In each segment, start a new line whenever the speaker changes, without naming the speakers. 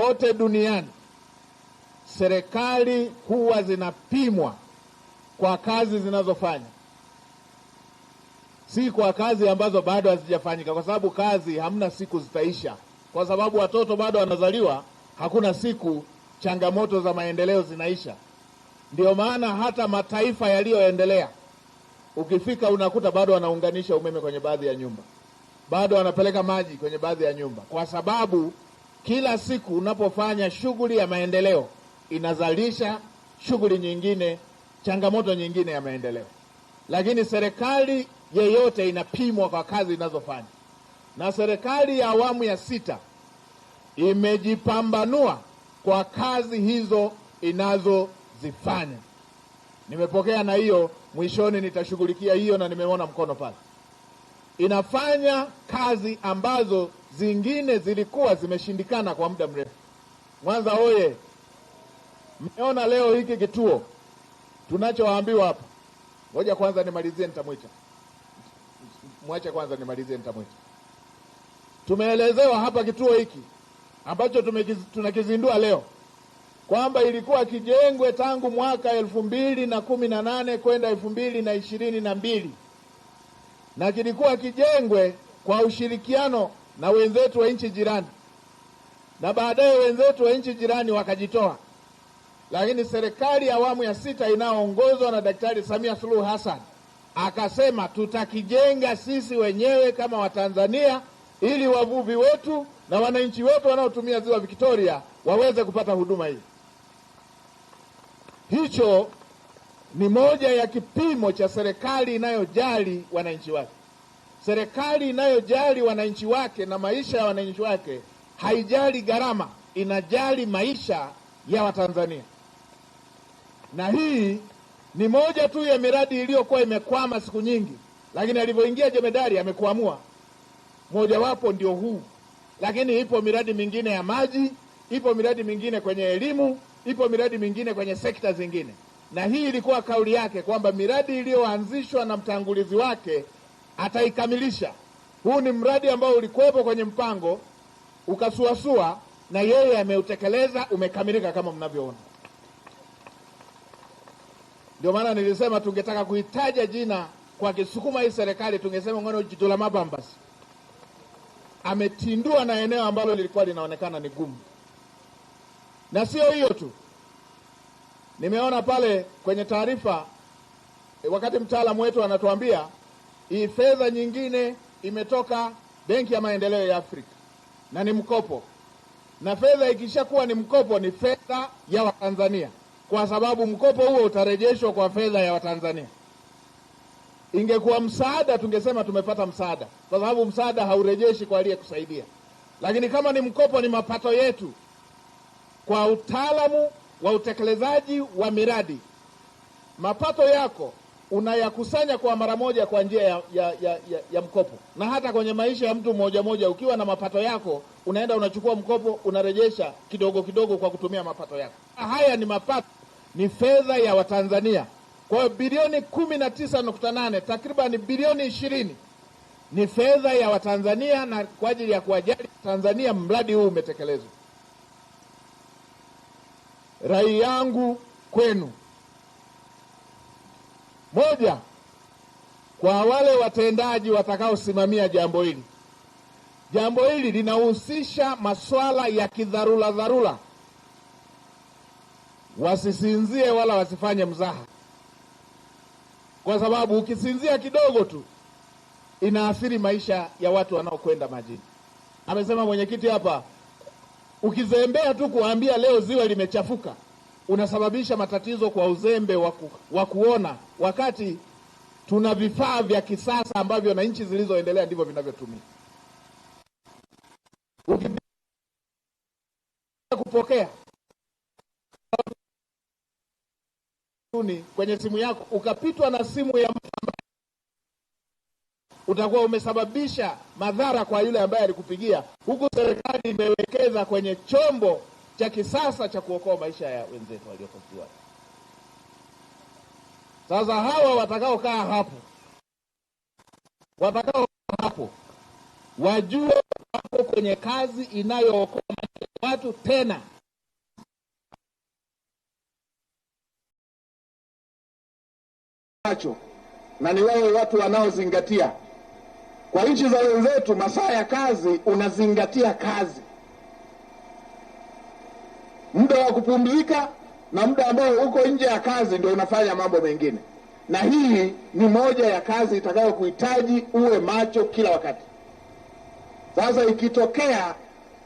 kote duniani serikali huwa zinapimwa kwa kazi zinazofanya, si kwa kazi ambazo bado hazijafanyika, kwa sababu kazi hamna siku zitaisha, kwa sababu watoto bado wanazaliwa. Hakuna siku changamoto za maendeleo zinaisha. ndio maana hata mataifa yaliyoendelea ukifika unakuta bado wanaunganisha umeme kwenye baadhi ya nyumba, bado wanapeleka maji kwenye baadhi ya nyumba, kwa sababu kila siku unapofanya shughuli ya maendeleo inazalisha shughuli nyingine, changamoto nyingine ya maendeleo. Lakini serikali yeyote inapimwa kwa kazi inazofanya, na serikali ya awamu ya sita imejipambanua kwa kazi hizo inazozifanya. Nimepokea na hiyo, mwishoni nitashughulikia hiyo, na nimeona mkono pale inafanya kazi ambazo zingine zilikuwa zimeshindikana kwa muda mrefu. Mwanza oye Mmeona leo hiki kituo tunachowaambiwa hapa. Ngoja kwanza nimalizie, nitamwicha mwache kwanza nimalizie, nitamwicha. Tumeelezewa hapa kituo hiki ambacho tumekiz, tunakizindua leo kwamba ilikuwa kijengwe tangu mwaka elfu mbili na kumi na nane kwenda elfu mbili na ishirini na mbili na kilikuwa kijengwe kwa ushirikiano na wenzetu wa nchi jirani, na baadaye wenzetu wa nchi jirani wakajitoa, lakini serikali ya awamu ya sita inayoongozwa na Daktari Samia Suluhu Hassan akasema tutakijenga sisi wenyewe kama Watanzania ili wavuvi wetu na wananchi wetu wanaotumia ziwa Victoria waweze kupata huduma hii. Hicho ni moja ya kipimo cha serikali inayojali wananchi wake. Serikali inayojali wananchi wake na maisha ya wananchi wake haijali gharama, inajali maisha ya Watanzania. Na hii ni moja tu ya miradi iliyokuwa imekwama siku nyingi, lakini alivyoingia jemedari amekuamua. Mojawapo ndio huu, lakini ipo miradi mingine ya maji, ipo miradi mingine kwenye elimu, ipo miradi mingine kwenye sekta zingine na hii ilikuwa kauli yake kwamba miradi iliyoanzishwa na mtangulizi wake ataikamilisha. Huu ni mradi ambao ulikuwepo kwenye mpango ukasuasua, na yeye ameutekeleza, umekamilika kama mnavyoona. Ndio maana nilisema tungetaka kuitaja jina kwa Kisukuma hii serikali tungesema ngono jitula mabambas ametindua na eneo ambalo lilikuwa linaonekana ni gumu, na sio hiyo tu. Nimeona pale kwenye taarifa eh, wakati mtaalamu wetu anatuambia hii fedha nyingine imetoka Benki ya Maendeleo ya Afrika na ni mkopo, na fedha ikishakuwa ni mkopo ni fedha ya Watanzania, kwa sababu mkopo huo utarejeshwa kwa fedha ya Watanzania. Ingekuwa msaada, tungesema tumepata msaada, kwa sababu msaada haurejeshi kwa aliyekusaidia, lakini kama ni mkopo, ni mapato yetu kwa utaalamu wa utekelezaji wa miradi. Mapato yako unayakusanya kwa mara moja kwa njia ya, ya, ya, ya, ya mkopo. Na hata kwenye maisha ya mtu mmoja mmoja, ukiwa na mapato yako unaenda unachukua mkopo, unarejesha kidogo kidogo kwa kutumia mapato yako. Haya ni mapato, ni fedha ya Watanzania. Kwa hiyo bilioni kumi na tisa nukta nane takriban bilioni ishirini ni fedha ya Watanzania na kwa ajili ya kuwajali Tanzania. Mradi huu umetekelezwa. Rai yangu kwenu, moja, kwa wale watendaji watakaosimamia jambo hili. Jambo hili linahusisha masuala ya kidharura dharura, wasisinzie wala wasifanye mzaha, kwa sababu ukisinzia kidogo tu inaathiri maisha ya watu wanaokwenda majini. Amesema mwenyekiti hapa Ukizembea tu kuambia leo ziwa limechafuka, unasababisha matatizo kwa uzembe wa waku, kuona wakati tuna vifaa vya kisasa ambavyo na nchi zilizoendelea ndivyo vinavyotumia. Ukipokea kupokea kwenye simu yako ukapitwa na simu ya mtu utakuwa umesababisha madhara kwa yule ambaye alikupigia, huku serikali imewekeza kwenye chombo cha kisasa cha kuokoa maisha ya wenzetu waliokofiwa. Sasa hawa watakaokaa hapo, watakaokaa hapo wajue wako kwenye kazi inayookoa maisha ya watu tena na ni wao watu wanaozingatia kwa nchi za wenzetu, masaa ya kazi unazingatia kazi, muda wa kupumzika na muda ambao uko nje ya kazi ndio unafanya mambo mengine, na hii ni moja ya kazi itakayokuhitaji uwe macho kila wakati. Sasa ikitokea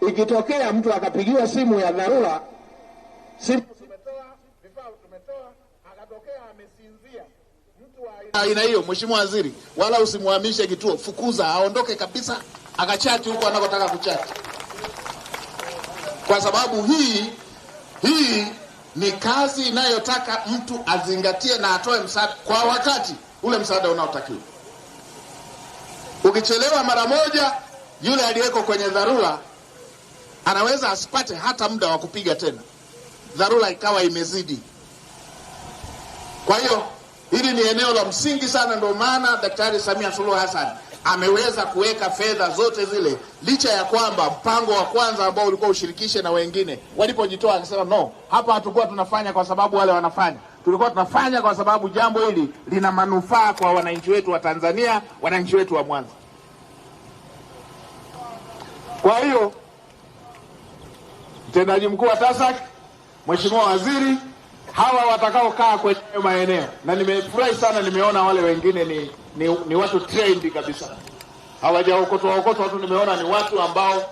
ikitokea mtu akapigiwa simu ya dharura simu aina hiyo, mheshimiwa waziri, wala usimhamishe kituo, fukuza aondoke kabisa, akachati huko anakotaka kuchati, kwa sababu hii hii ni kazi inayotaka mtu azingatie na atoe msaada kwa wakati ule, msaada unaotakiwa. Ukichelewa mara moja, yule aliyeko kwenye dharura anaweza asipate hata muda wa kupiga tena, dharura ikawa imezidi. Kwa hiyo Hili ni eneo la msingi sana, ndio maana Daktari Samia Suluhu Hassan ameweza kuweka fedha zote zile, licha ya kwamba mpango wa kwanza ambao ulikuwa ushirikishe na wengine, walipojitoa akisema no, hapa hatukuwa tunafanya kwa sababu wale wanafanya, tulikuwa tunafanya kwa sababu jambo hili lina manufaa kwa wananchi wetu wa Tanzania, wananchi wetu wa Mwanza. Kwa hiyo mtendaji mkuu wa TASAC, Mheshimiwa Waziri hawa watakaokaa kwenye hayo maeneo, na nimefurahi sana, nimeona wale wengine ni, ni, ni watu trained kabisa, hawajaokotwa okotwa tu, nimeona ni watu ambao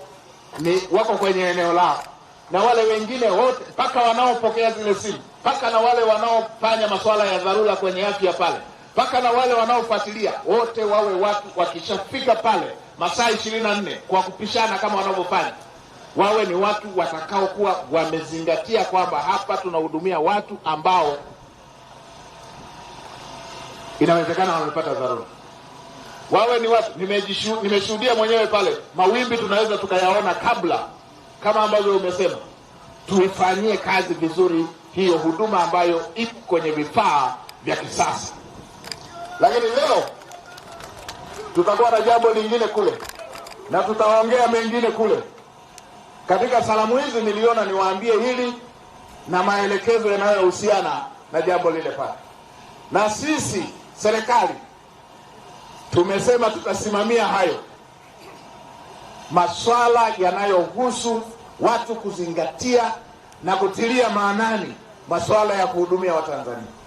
ni wako kwenye eneo lao, na wale wengine wote mpaka wanaopokea zile simu, mpaka na wale wanaofanya masuala ya dharura kwenye afya pale, mpaka na wale wanaofuatilia, wote wawe watu wakishafika pale masaa ishirini na nne kwa kupishana kama wanavyofanya wawe ni watu watakaokuwa wamezingatia kwamba hapa tunahudumia watu ambao inawezekana wamepata dharura. Wawe ni watu nimeshuhudia mwenyewe pale, mawimbi tunaweza tukayaona kabla, kama ambavyo umesema, tuifanyie kazi vizuri hiyo huduma ambayo ipo kwenye vifaa vya kisasa. Lakini leo tutakuwa na jambo lingine kule na tutaongea mengine kule. Katika salamu hizi niliona niwaambie hili na maelekezo yanayohusiana na jambo lile pale. Na sisi serikali tumesema tutasimamia hayo maswala yanayohusu watu kuzingatia na kutilia maanani masuala ya kuhudumia Watanzania.